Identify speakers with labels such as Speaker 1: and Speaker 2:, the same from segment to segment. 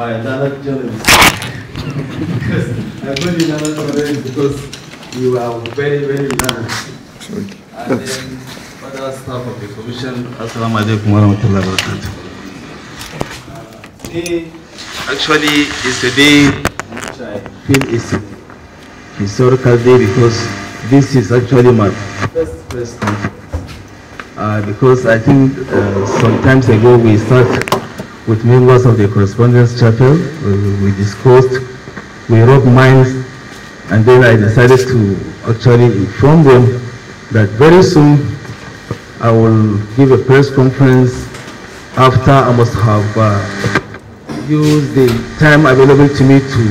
Speaker 1: by another journalist. because I called you another journalist because you are very, very learned. And then other staff of the commission, Assalamu alaikum wa rahmatullahi wa barakatuh. Uh, today actually is a day which I feel is a historical day because this is actually my first press conference. Uh, because I think uh, some times ago we started with members of the correspondence chapel. Uh, we discussed, we rubbed minds, and then I decided to actually inform them that very soon I will give a press conference after I must have uh, used the time available to me to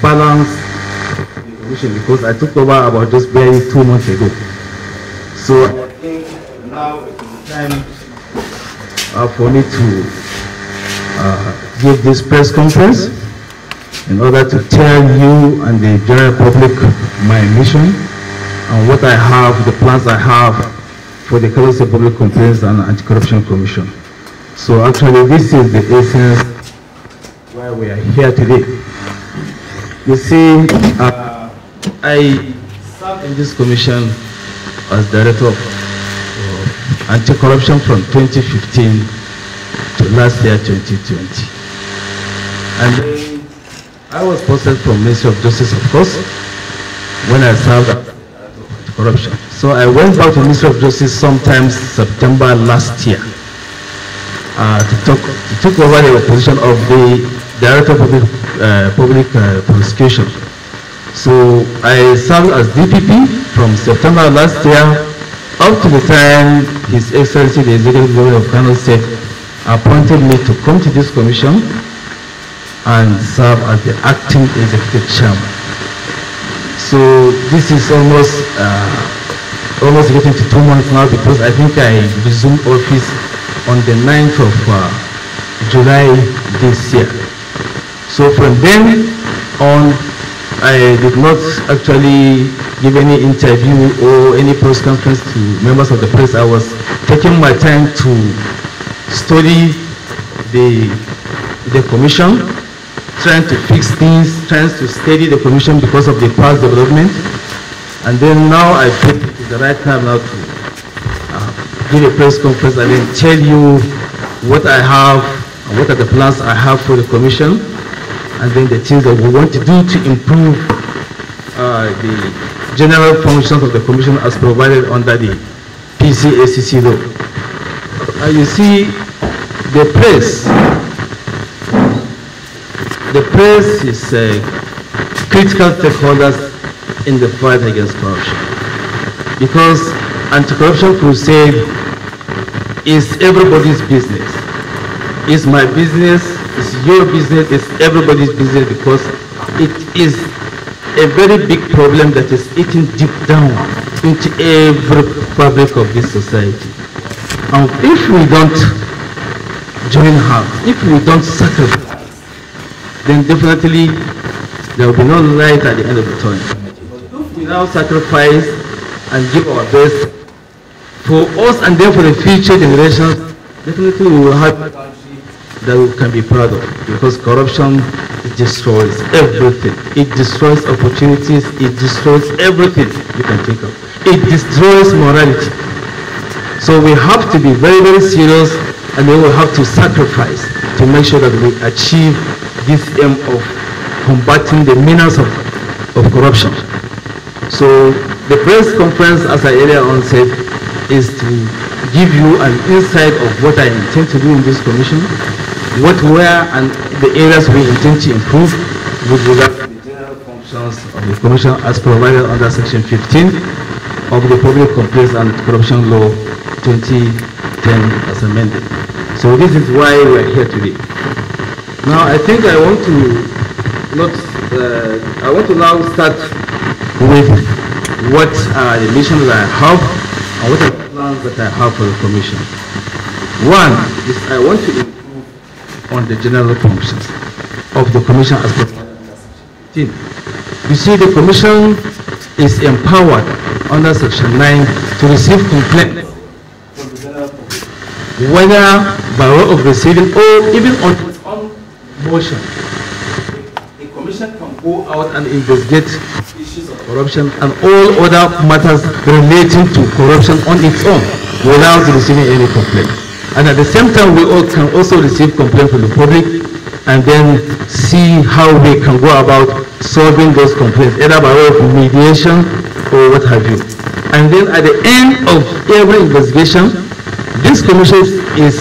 Speaker 1: balance the commission because I took over about just barely two months ago. So I think now it is time uh, for me to uh, give this press conference in order to tell you and the general public my mission and what I have, the plans I have for the Council Public Complaints and Anti-Corruption Commission. So actually this is the essence why we are here today. You see, uh, I served in this commission as director of uh, anti-corruption from 2015 to last year 2020. And then I was posted from Ministry of Justice, of course, when I served corruption. So I went back to Ministry of Justice sometime September last year uh, to, talk, to take over the position of the Director of Public, uh, Public uh, Prosecution. So I served as DPP from September last year up to the time His Excellency the Executive Governor of Kano State appointed me to come to this commission and serve as the acting executive chairman. So this is almost uh, almost getting to two months now because I think I resumed office on the 9th of uh, July this year. So from then on, I did not actually give any interview or any press conference to members of the press. I was taking my time to study the, the commission, trying to fix things, trying to steady the commission because of the past development. And then now I think it is the right time now to uh, give a press conference and then tell you what I have, what are the plans I have for the commission, and then the things that we want to do to improve uh, the general functions of the commission as provided under the PCACC law you see the press, The press is a uh, critical stakeholders in the fight against corruption. Because anti-corruption crusade is everybody's business. It's my business, it's your business, it's everybody's business because it is a very big problem that is eating deep down into every fabric of this society. And if we don't join her, if we don't sacrifice, then definitely there will be no light at the end of the tunnel. But if we now sacrifice and give our best for us and then for the future generations, definitely we will have a country that we can be proud of because corruption it destroys everything. It destroys opportunities. It destroys everything you can think of. It destroys morality. So we have to be very, very serious and we will have to sacrifice to make sure that we achieve this aim of combating the menace of, of corruption. So the press conference, as I earlier on said, is to give you an insight of what I intend to do in this commission, what where and the areas we intend to improve with regard to the general functions of the commission as provided under section 15 of the Public Complaints and Corruption Law 2010 as amended. So this is why we are here today. Now I think I want to not, uh, I want to now start with what are the missions that I have and what are the plans that I have for the Commission. One is I want to improve on the general functions of the Commission as team. You see the Commission is empowered under Section 9 to receive complaints whether by way of receiving or even on its own motion. The Commission can go out and investigate issues of corruption and all other matters relating to corruption on its own without receiving any complaint. And at the same time, we all can also receive complaints from the public and then see how they can go about solving those complaints, either by way of mediation or what have you. And then at the end of every investigation, this commission is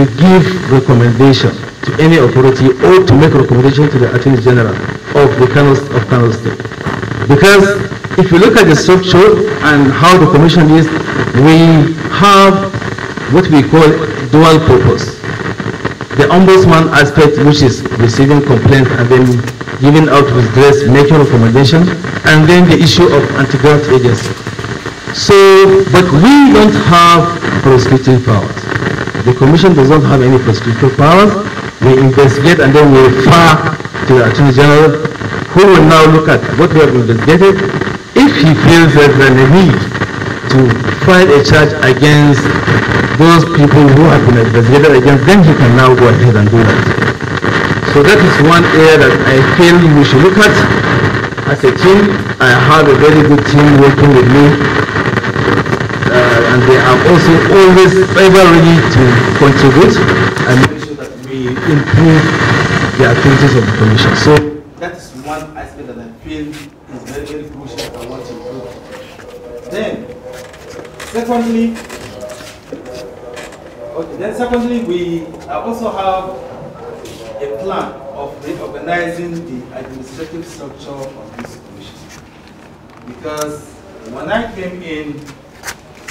Speaker 1: to give recommendation to any authority or to make recommendation to the Attorney General of the Kano, of Kano State. Because if you look at the structure and how the commission is, we have what we call dual purpose. The ombudsman aspect, which is receiving complaints and then giving out redress, making recommendations, and then the issue of anti-graft agency. So, but we don't have prosecuting powers. The commission does not have any prosecuting powers. We investigate and then we refer to the Attorney General, who will now look at what we have investigated. If he feels there's a need to file a charge against those people who have been investigated against, then he can now go ahead and do that. So that is one area that I feel we should look at. As a team, I have a very good team working with me. Uh, and they are also always ever ready to contribute and make sure that we improve the activities of the commission. So secondly, okay, then secondly, we also have a plan of reorganizing the administrative structure of this commission. Because when I came in,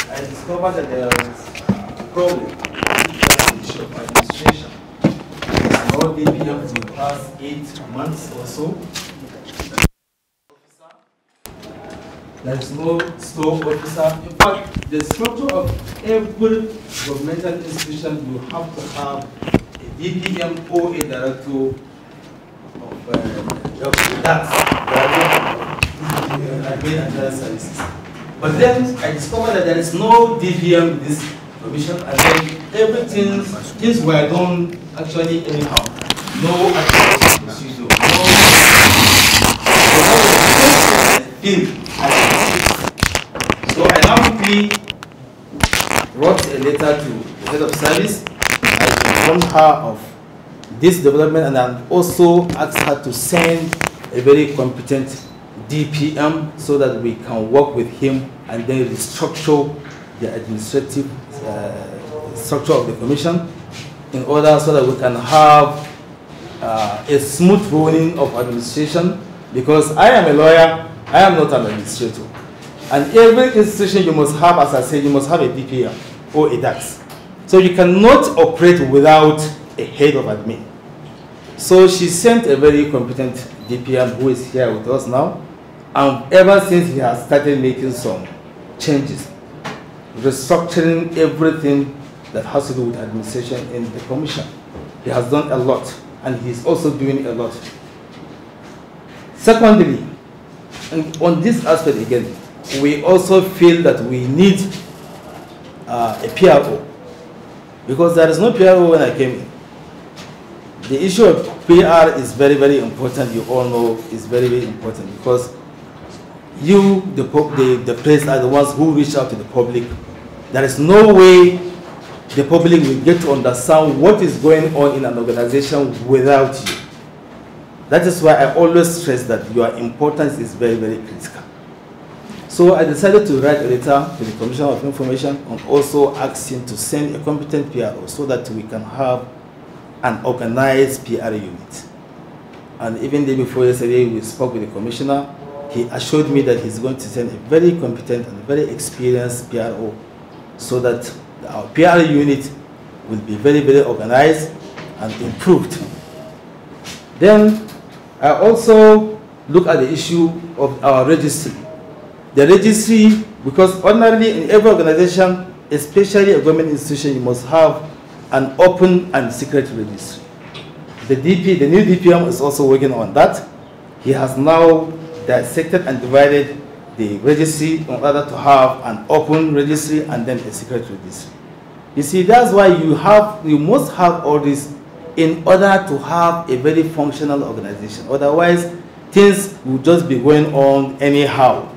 Speaker 1: I discovered that there was a problem with issue of administration. No DPM for the past eight months or so. There is no store officer. In fact, the structure of every governmental institution, will have to have a DVM or a director of uh, job. That's services. But then I discovered that there is no DVM in this commission, and then everything, things were done actually anyhow. No actual procedure, no. So, promptly wrote a letter to the head of service. I informed her of this development and I also asked her to send a very competent DPM so that we can work with him and then restructure the administrative uh, structure of the commission in order so that we can have uh, a smooth running of administration because I am a lawyer, I am not an administrator. And every institution you must have, as I said, you must have a DPM or a DAX. So you cannot operate without a head of admin. So she sent a very competent DPM who is here with us now. And ever since he has started making some changes, restructuring everything that has to do with administration in the commission. He has done a lot, and he is also doing a lot. Secondly, on this aspect again, we also feel that we need uh, a PRO because there is no PRO when I came in. The issue of PR is very, very important. You all know it's very, very important because you, the, the, the press, are the ones who reach out to the public. There is no way the public will get to understand what is going on in an organization without you. That is why I always stress that your importance is very, very critical. So I decided to write a letter to the Commissioner of Information and also ask him to send a competent PRO so that we can have an organized PR unit. And even the day before yesterday, we spoke with the Commissioner. He assured me that he's going to send a very competent and very experienced PRO so that our PR unit will be very, very organized and improved. Then I also look at the issue of our registry the registry, because ordinarily in every organization, especially a government institution, you must have an open and secret registry. The DP, the new DPM is also working on that. He has now dissected and divided the registry in order to have an open registry and then a secret registry. You see, that's why you have, you must have all this in order to have a very functional organization. Otherwise, things will just be going on anyhow.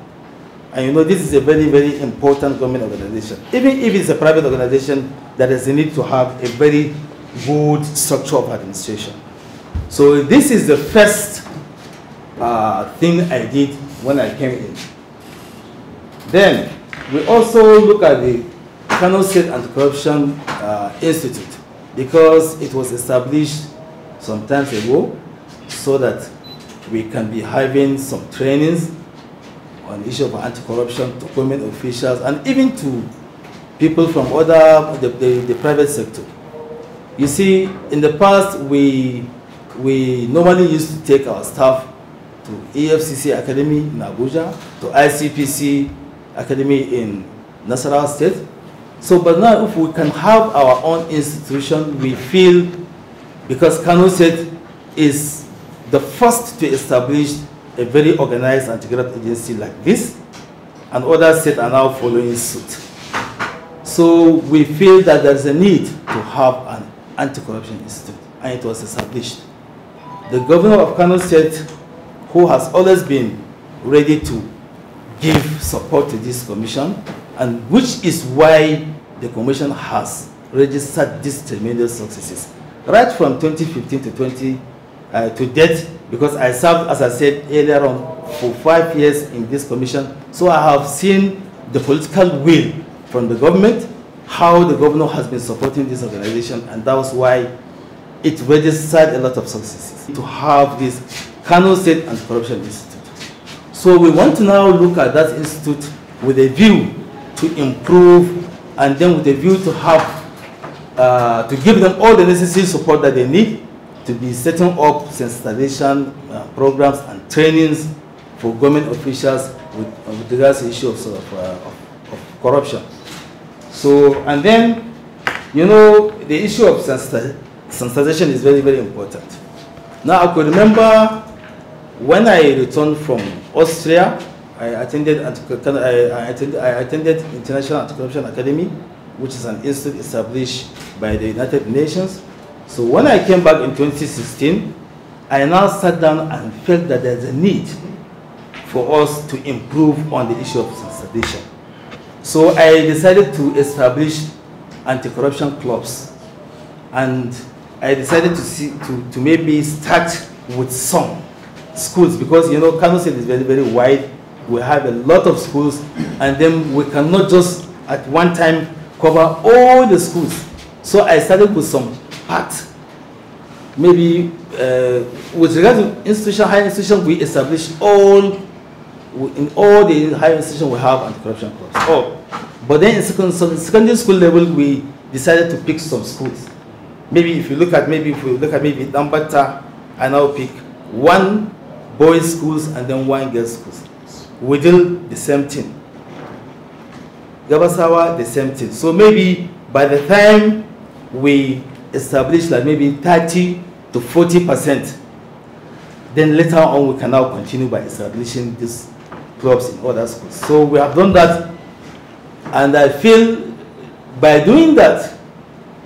Speaker 1: And you know, this is a very, very important government organization. Even if it's a private organization, that is a need to have a very good structure of administration. So this is the first uh, thing I did when I came in. Then we also look at the Kano State Anti-Corruption uh, Institute because it was established some time ago so that we can be having some trainings on the issue of anti-corruption to government officials and even to people from other the, the, the, private sector. You see, in the past, we we normally used to take our staff to EFCC Academy in Abuja, to ICPC Academy in Nasarawa State. So, but now if we can have our own institution, we feel because Kano State is the first to establish a very organized anti-graft agency like this, and other states are now following suit. So we feel that there's a need to have an anti-corruption institute, and it was established. The governor of Kano State, who has always been ready to give support to this commission, and which is why the commission has registered these tremendous successes. Right from 2015 to 20 uh, to date, because I served, as I said earlier on, for five years in this commission. So I have seen the political will from the government, how the governor has been supporting this organization, and that was why it registered a lot of successes to have this Kano State Anti-Corruption Institute. So we want to now look at that institute with a view to improve and then with a view to have, uh, to give them all the necessary support that they need to be setting up sensitization uh, programs and trainings for government officials with, uh, with regards to issues of, uh, of, of, corruption. So, and then, you know, the issue of sensitization is very, very important. Now, I could remember when I returned from Austria, I attended, I attended, I attended International Anti-Corruption Academy, which is an institute established by the United Nations so when I came back in 2016, I now sat down and felt that there's a need for us to improve on the issue of sedition. So I decided to establish anti-corruption clubs. And I decided to, see, to, to maybe start with some schools because, you know, Kano State is very, very wide. We have a lot of schools and then we cannot just at one time cover all the schools. So I started with some part, maybe uh, with regard to institution, higher institution, we establish all, in all the higher institution we have anti-corruption clubs. Oh, but then in secondary school level, we decided to pick some schools. Maybe if you look at, maybe if we look at maybe Dambata, I now pick one boys schools and then one girls schools. We did the same thing. Gabasawa, the same thing. So maybe by the time we establish like maybe 30 to 40 percent. Then later on, we can now continue by establishing these clubs in other schools. So we have done that, and I feel by doing that,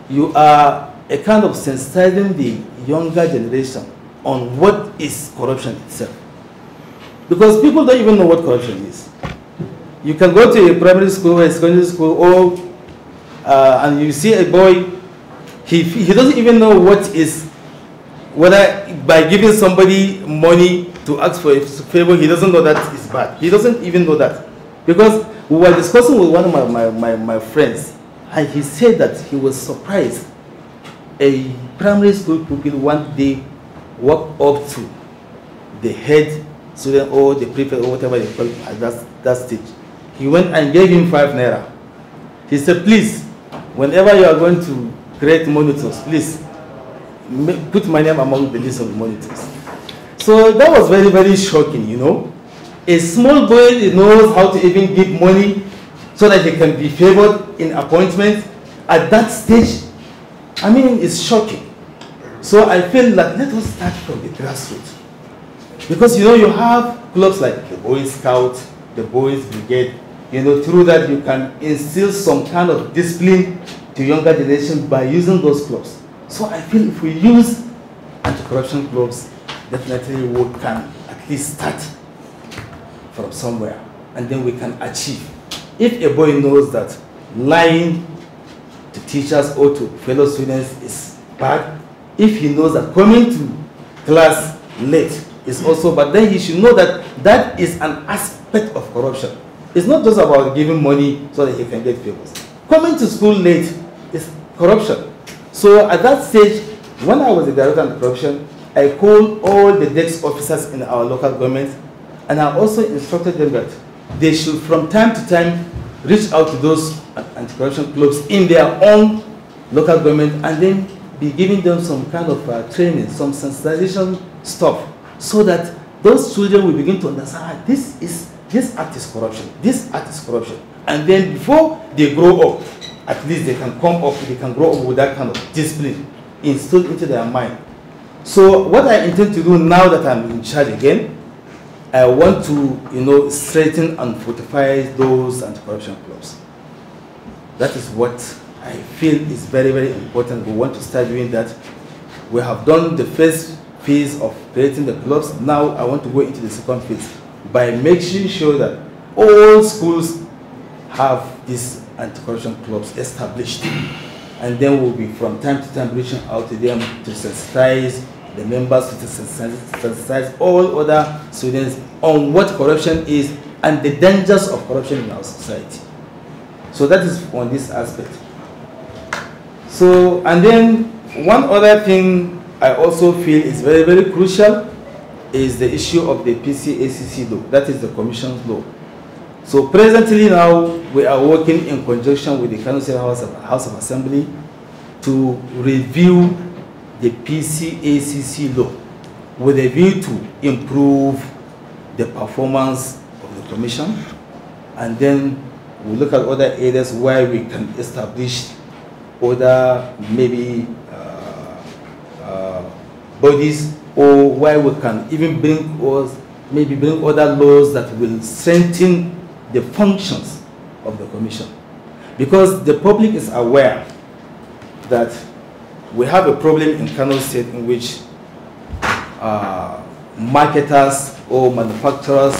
Speaker 1: you are a kind of sensitizing the younger generation on what is corruption itself. Because people don't even know what corruption is. You can go to a primary school or a secondary school or, uh, and you see a boy he, he doesn't even know what is, whether by giving somebody money to ask for a favor, he doesn't know that is bad. He doesn't even know that. Because we were discussing with one of my, my, my, my friends, and he said that he was surprised a primary school pupil one day walked up to the head student or the prefect or whatever they call at that, that stage. He went and gave him five naira. He said, please, whenever you are going to Great monitors, please. Put my name among the list of monitors. So that was very, very shocking, you know. A small boy knows how to even give money so that he can be favored in appointment at that stage. I mean, it's shocking. So I feel that let us start from the grassroots. Because you know, you have clubs like the Boy Scout, the Boys Brigade, you know, through that you can instill some kind of discipline to younger generation by using those clubs. So I feel if we use anti-corruption clubs, definitely we can at least start from somewhere and then we can achieve. If a boy knows that lying to teachers or to fellow students is bad, if he knows that coming to class late is also bad, then he should know that that is an aspect of corruption. It's not just about giving money so that he can get favors. Coming to school late is corruption. So at that stage, when I was a director of corruption, I called all the desk officers in our local government and I also instructed them that they should from time to time reach out to those anti-corruption clubs in their own local government and then be giving them some kind of uh, training, some sensitization stuff so that those children will begin to understand ah, this is this act is corruption, this act is corruption. And then before they grow up, at least they can come up, they can grow up with that kind of discipline instilled into their mind. So what I intend to do now that I'm in charge again, I want to, you know, strengthen and fortify those anti-corruption clubs. That is what I feel is very, very important. We want to start doing that. We have done the first phase of creating the clubs. Now I want to go into the second phase by making sure that all schools have this anti-corruption clubs established. And then we'll be from time to time reaching out to them to sensitize the members, to sensitize all other students on what corruption is and the dangers of corruption in our society. So that is on this aspect. So, and then one other thing I also feel is very, very crucial is the issue of the PCACC law, that is the Commission's law. So presently now, we are working in conjunction with the Council House of, House of Assembly to review the PCACC law with a view to improve the performance of the Commission and then we look at other areas where we can establish other maybe uh, uh, bodies or where we can even bring or maybe bring other laws that will strengthen the functions of the commission. Because the public is aware that we have a problem in Kano State in which uh, marketers or manufacturers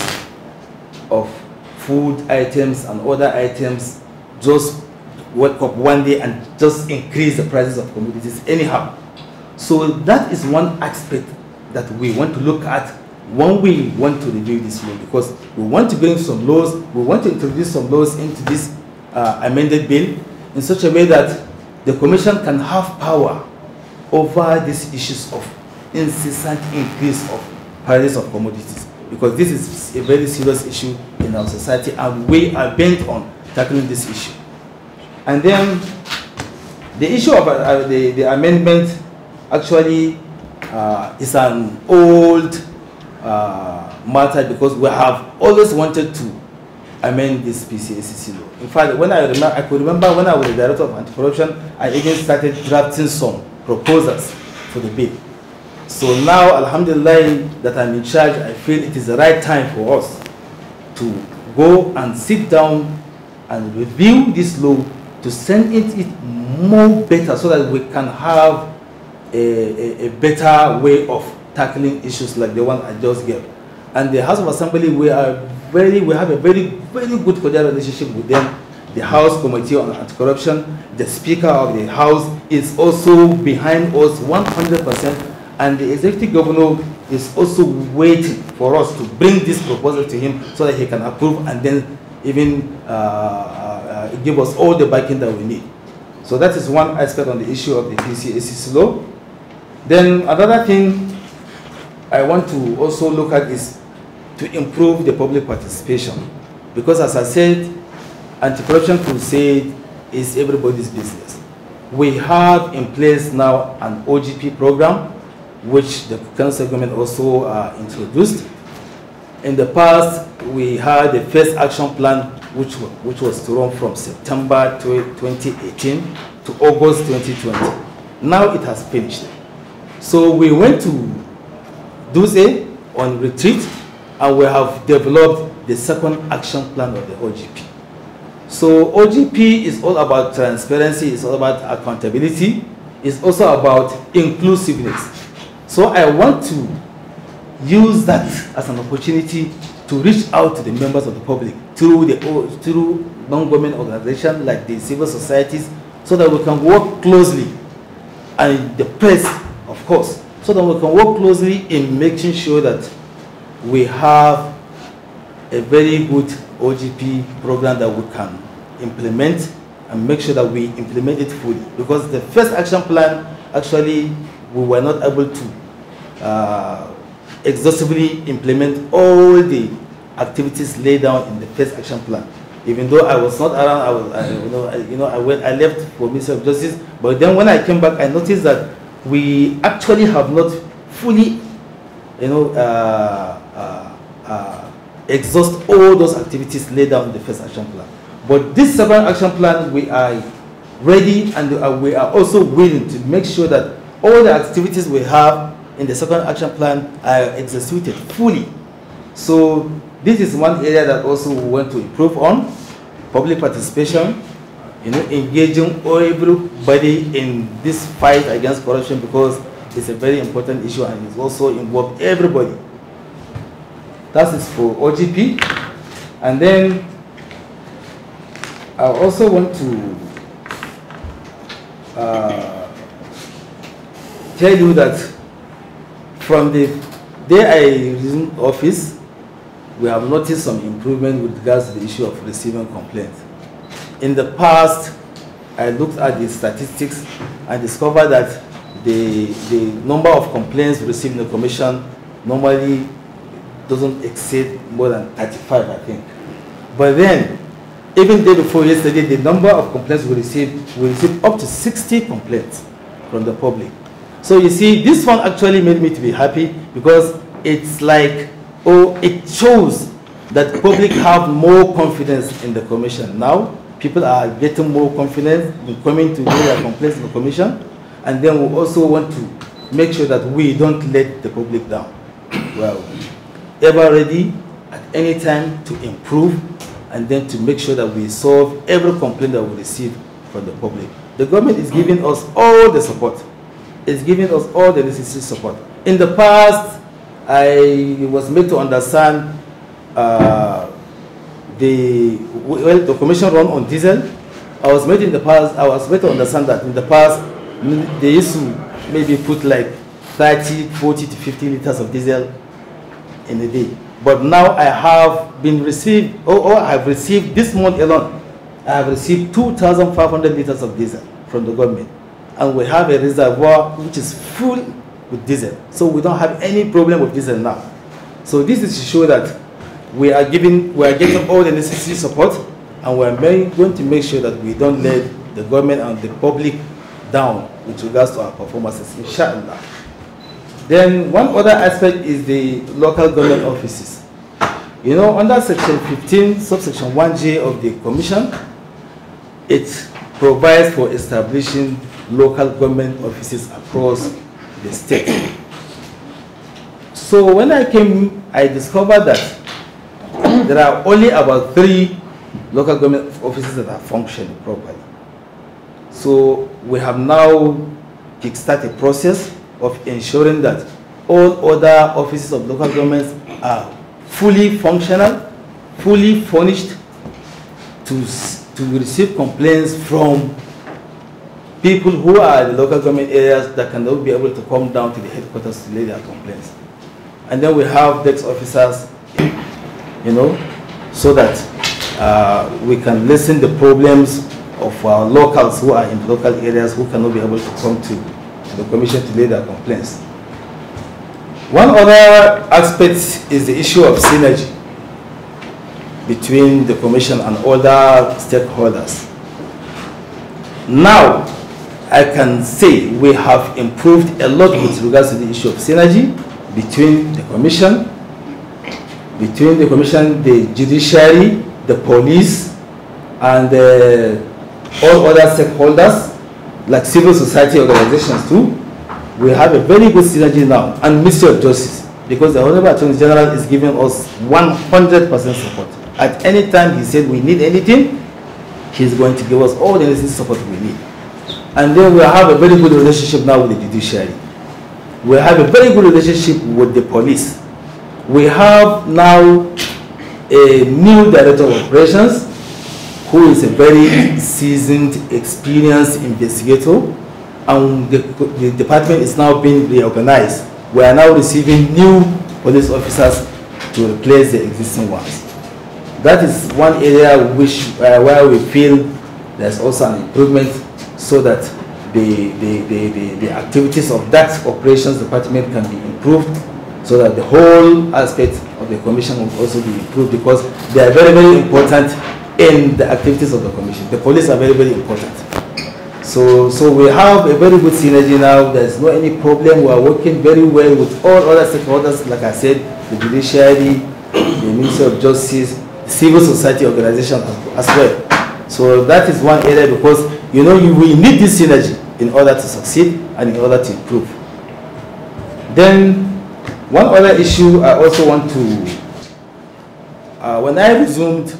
Speaker 1: of food items and other items just wake up one day and just increase the prices of commodities anyhow. So that is one aspect that we want to look at when we want to review this bill, because we want to bring some laws, we want to introduce some laws into this uh, amended bill in such a way that the Commission can have power over these issues of incessant increase of prices of commodities, because this is a very serious issue in our society, and we are bent on tackling this issue. And then the issue of uh, uh the, the amendment actually uh, is an old uh, matter because we have always wanted to amend this PCACC law. In fact, when I remember, I could remember when I was the director of anti-corruption, I even started drafting some proposals for the bill. So now, alhamdulillah, that I'm in charge, I feel it is the right time for us to go and sit down and review this law to send it, it more better so that we can have a, a, a better way of tackling issues like the one I just gave. And the House of Assembly, we are very, we have a very, very good cordial relationship with them. The House Committee on Anti-Corruption, the Speaker of the House is also behind us 100%, and the Executive Governor is also waiting for us to bring this proposal to him so that he can approve and then even uh, uh, give us all the backing that we need. So that is one aspect on the issue of the PCACC law. Then another thing I want to also look at is to improve the public participation. Because as I said, anti-corruption crusade is everybody's business. We have in place now an OGP program, which the council government also uh, introduced. In the past, we had the first action plan, which, which was run from September 2018 to August 2020. Now it has finished. So we went to Duze eh, on retreat, and we have developed the second action plan of the OGP. So OGP is all about transparency, it's all about accountability, it's also about inclusiveness. So I want to use that as an opportunity to reach out to the members of the public through the through non-government organizations like the civil societies so that we can work closely and the press, of course, so that we can work closely in making sure that we have a very good OGP program that we can implement and make sure that we implement it fully. Because the first action plan, actually, we were not able to uh, exhaustively implement all the activities laid down in the first action plan. Even though I was not around, I was, I, you know, I, you know, I, went, I left for Ministry of Justice. But then when I came back, I noticed that we actually have not fully, you know, uh, uh, uh, exhaust all those activities laid down in the first action plan. But this second action plan, we are ready and uh, we are also willing to make sure that all the activities we have in the second action plan are executed fully. So this is one area that also we want to improve on, public participation, you know, engaging everybody in this fight against corruption because it's a very important issue and it's also involved everybody. That is for OGP. And then I also want to uh, tell you that from the day I resumed office, we have noticed some improvement with regards to the issue of receiving complaints in the past, I looked at the statistics and discovered that the, the number of complaints received in the commission normally doesn't exceed more than 35, I think. But then, even day before yesterday, the number of complaints we received, we received up to 60 complaints from the public. So you see, this one actually made me to be happy because it's like, oh, it shows that public have more confidence in the commission now people are getting more confidence in coming to lay their complaints in the commission. And then we also want to make sure that we don't let the public down. Well, ever ready at any time to improve and then to make sure that we solve every complaint that we receive from the public. The government is giving us all the support. It's giving us all the necessary support. In the past, I was made to understand uh, the well the commission run on diesel. I was made in the past. I was made to understand that in the past they used to maybe put like 30, 40 to 50 liters of diesel in a day. But now I have been received, Oh, oh! I have received this month alone, I have received 2,500 liters of diesel from the government. And we have a reservoir which is full with diesel. So we don't have any problem with diesel now. So this is to show that we are giving, we are getting all the necessary support, and we are going to make sure that we don't let the government and the public down with regards to our performances, inshallah. Then one other aspect is the local government offices. You know, under section 15, subsection 1J of the commission, it provides for establishing local government offices across the state. So when I came, I discovered that there are only about three local government offices that are functioning properly. So we have now kickstarted a process of ensuring that all other offices of local governments are fully functional, fully furnished to, to receive complaints from people who are in the local government areas that cannot be able to come down to the headquarters to lay their complaints. And then we have desk officers you know, so that uh, we can to the problems of our locals who are in local areas who cannot be able to come to the commission to lay their complaints. One other aspect is the issue of synergy between the commission and other stakeholders. Now, I can say we have improved a lot with regards to the issue of synergy between the commission between the commission, the judiciary, the police, and uh, all other stakeholders, like civil society organizations too, we have a very good synergy now, and Ministry of Justice, because the Honorable Attorney General is giving us 100% support. At any time he said we need anything, he's going to give us all the necessary support we need. And then we have a very good relationship now with the judiciary. We have a very good relationship with the police we have now a new director of operations who is a very seasoned, experienced investigator, and the, the, department is now being reorganized. We are now receiving new police officers to replace the existing ones. That is one area which, uh, where we feel there's also an improvement so that the, the, the, the, the activities of that operations department can be improved so that the whole aspect of the commission will also be improved because they are very, very important in the activities of the commission. The police are very, very important. So, so we have a very good synergy now. There's no any problem. We are working very well with all other stakeholders, like I said, the judiciary, the Ministry of Justice, civil society organizations as well. So that is one area because, you know, you, we need this synergy in order to succeed and in order to improve. Then one other issue I also want to, uh, when I resumed,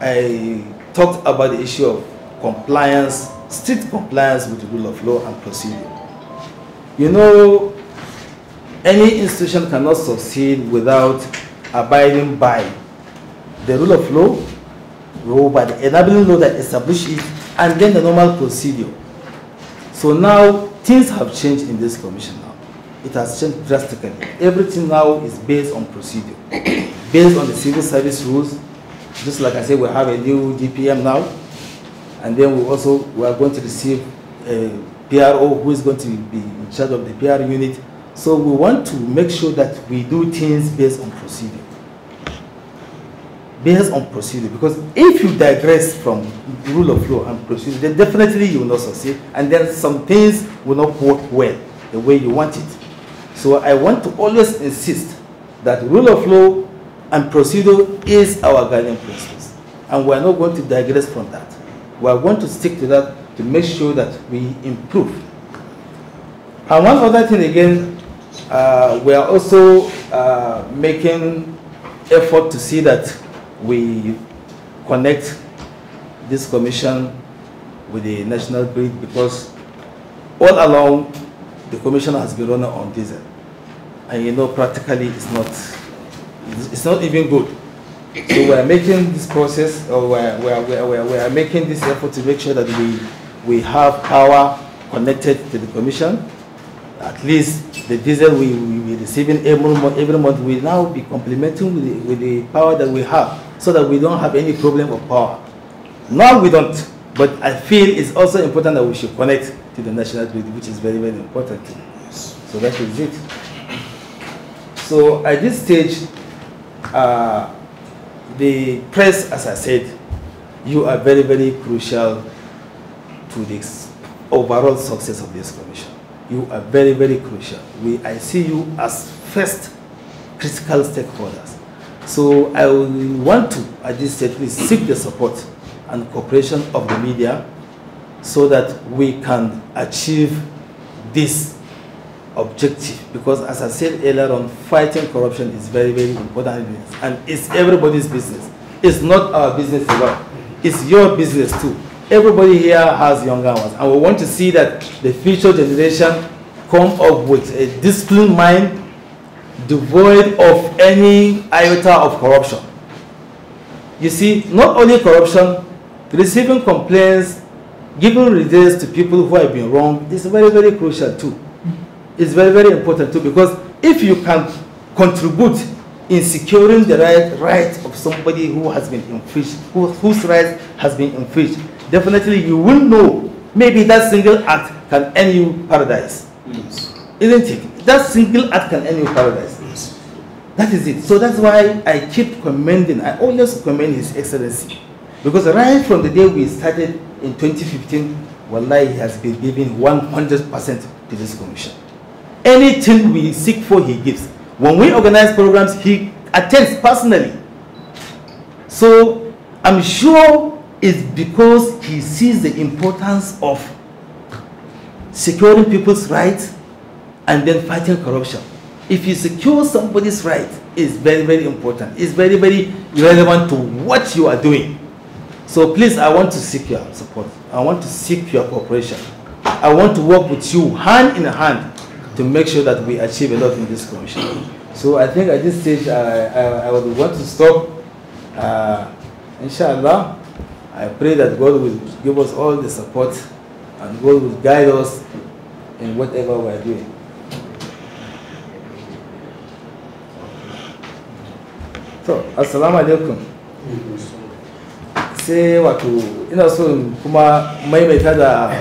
Speaker 1: I talked about the issue of compliance, strict compliance with the rule of law and procedure. You know, any institution cannot succeed without abiding by the rule of law, rule by the enabling law that establishes it, and then the normal procedure. So now things have changed in this commission it has changed drastically. Everything now is based on procedure, based on the civil service rules. Just like I said, we have a new DPM now, and then we also we are going to receive a PRO who is going to be in charge of the PR unit. So we want to make sure that we do things based on procedure. Based on procedure, because if you digress from rule of law and procedure, then definitely you will not succeed, and then some things will not work well the way you want it. So I want to always insist that rule of law and procedure is our guiding principles. And we are not going to digress from that. We are going to stick to that to make sure that we improve. And one other thing again, uh, we are also uh, making effort to see that we connect this commission with the national grid because all along the commission has been running on diesel. And you know, practically it's not, it's not even good. So we are making this process, or we are, we are, we are, we are making this effort to make sure that we, we have power connected to the commission. At least the diesel we, we, be receiving every month, every month will now be complementing with the, with the power that we have so that we don't have any problem of power. Now we don't, but I feel it's also important that we should connect to the national grid, which is very, very important. So that is it. So at this stage, uh, the press, as I said, you are very, very crucial to the overall success of this commission. You are very, very crucial. We, I see you as first critical stakeholders. So I want to, at this stage, seek the support and cooperation of the media so that we can achieve this objective. Because as I said earlier on, fighting corruption is very, very important and it's everybody's business. It's not our business alone. It's your business too. Everybody here has younger ones and we want to see that the future generation come up with a disciplined mind devoid of any iota of corruption. You see, not only corruption, receiving complaints giving results to people who have been wrong is very, very crucial too. It's very, very important too because if you can contribute in securing the right, right of somebody who has been infringed, who, whose right has been infringed, definitely you will know maybe that single act can end you paradise. Yes. Isn't it? That single act can end you paradise. Yes. That is it. So that's why I keep commending, I always commend His Excellency. Because right from the day we started in 2015, Wallahi has been giving 100% to this commission. Anything we seek for, he gives. When we organize programs, he attends personally. So I'm sure it's because he sees the importance of securing people's rights and then fighting corruption. If you secure somebody's rights, it's very, very important. It's very, very relevant to what you are doing. So please, I want to seek your support. I want to seek your cooperation. I want to work with you hand in hand to make sure that we achieve a lot in this commission. So I think at this stage, I, I, I would want to stop. Uh, inshallah, I pray that God will give us all the support and God will guide us in whatever we are doing. So, assalamu alaikum. sai wato ina son kuma maimaita da